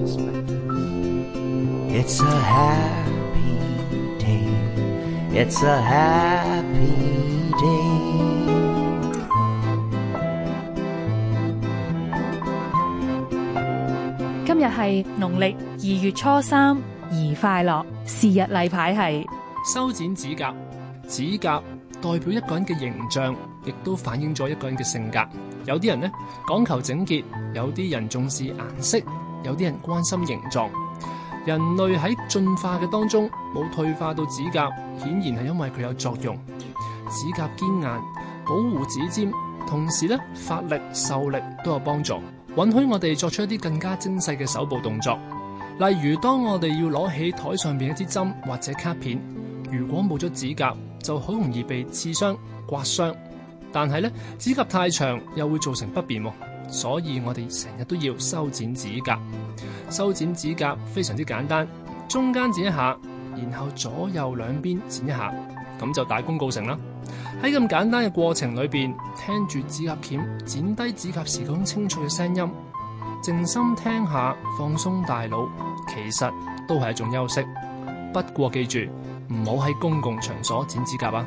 It's a happy day. It's a happy day. 今日係農曆二月初三，宜快樂。是日例牌係修剪指甲。指甲代表一個人嘅形象，亦都反映咗一個人嘅性格。有啲人呢講求整潔，有啲人重視顏色。有啲人關心形狀，人類喺進化嘅當中冇退化到指甲，顯然係因為佢有作用。指甲堅硬，保護指尖，同時咧發力、受力都有幫助，允許我哋作出一啲更加精細嘅手部動作。例如，當我哋要攞起台上面一啲針或者卡片，如果冇咗指甲，就好容易被刺傷、刮傷。但係咧，指甲太長又會造成不便。所以我哋成日都要修剪指甲，修剪指甲非常之簡單，中間剪一下，然後左右兩邊剪一下，咁就大功告成啦。喺咁簡單嘅過程裏邊，聽住指甲鉗剪低指甲時咁清脆嘅聲音，靜心聽下，放鬆大腦，其實都係一種休息。不過記住，唔好喺公共場所剪指甲啊。